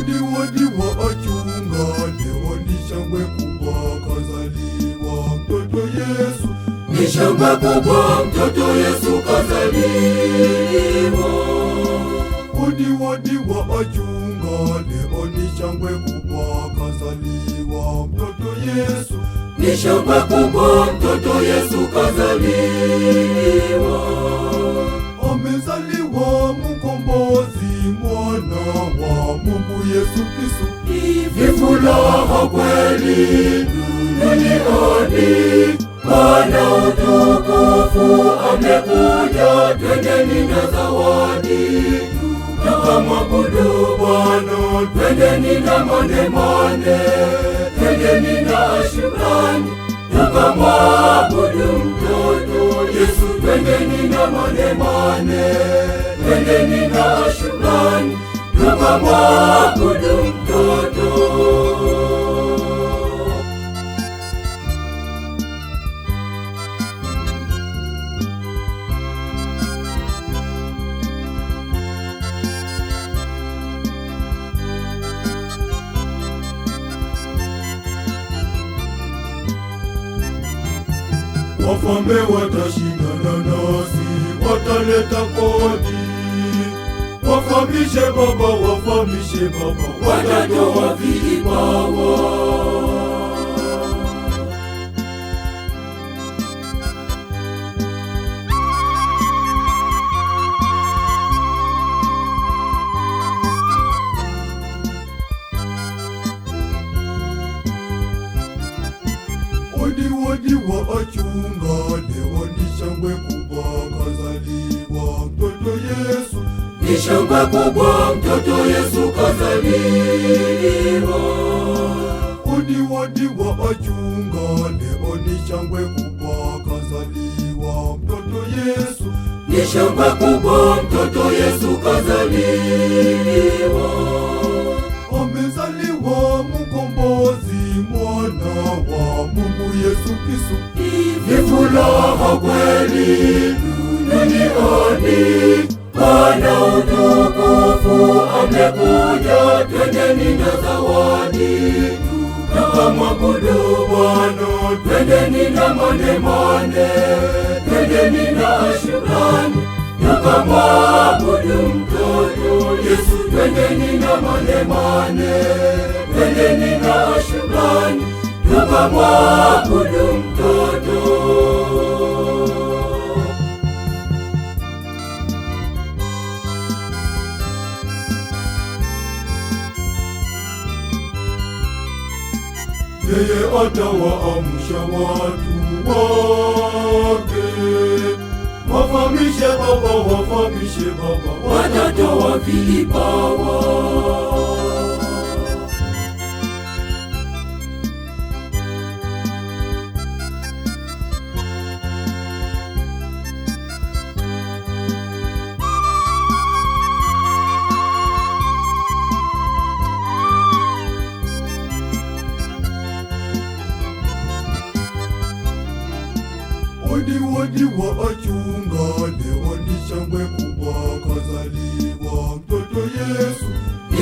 Wadiwadi wa achunga leo ni shangwe kubwa, kazaliwa mtoto Yesu. Ni shangwe kubwa, mtoto Yesu kazaliwa. Wadiwadi wa achunga leo ni shangwe kubwa, kazaliwa mtoto Yesu. Ni shangwe kubwa, mtoto Yesu kazaliwa. Amezaliwa mkombozi Mungu Yesu Kristo. Ni furaha kweli duniani, Bwana utukufu amekuja, twendeni na zawadi tukamwabudu Bwana, twendeni na manemane, twendeni na shukrani tukamwabudu mtoto Yesu, twendeni na manemane, twendeni na shukrani Baba mwabudu mtoto. Wafalme watashindana nasi, wataleta kodi wafamishe Baba, wafamishe Baba, watoto wa vilibawa Wadiwa achunga kubwa kazaliwa mtoto Yesu. Ni shangwe kubwa mtoto Yesu kazaliwa. Oni wadi wa ajunga leo ni shangwe kubwa kazaliwa mtoto Yesu. Ni shangwe kubwa mtoto Yesu kazaliwa. Amezaliwa mkombozi mwana wa Mungu Yesu Kristo. Ni furaha kweli duniani. twendeni na zawadi tukamwabudu Bwana, twendeni na manemane, twendeni na shukrani tukamwabudu mtoto Yesu, twendeni na manemane, twendeni na shukrani tukamwabudu yeye atawaamsha watu wake. Wafamishe Baba, wafamishe Baba, watoto wa vipawa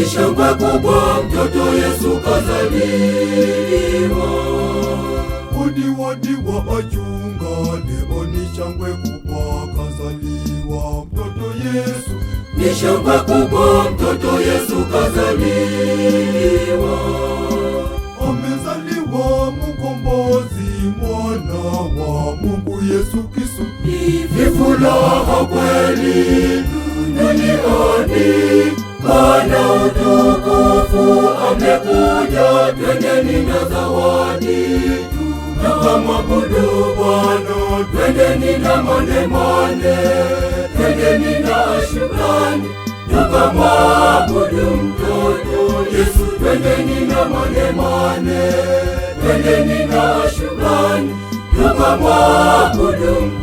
shangwe kubwa, mtoto Yesu kazaliwa. Odi wadi wa ajunga leo ni shangwe kubwa, kazaliwa mtoto Yesu. Ni shangwe kubwa, mtoto Yesu kazaliwa. Amezaliwa mkombozi, mwana wa Mungu Yesu Kristo. Ni furaha kweli duniani Bwana utukufu amekuja, twendeni na zawadi, tutamwabudu Bwana, twendeni na manemane, twendeni na shukrani, tukamwabudu mtoto Yesu, twendeni na manemane, twendeni na shukrani, tukamwabudu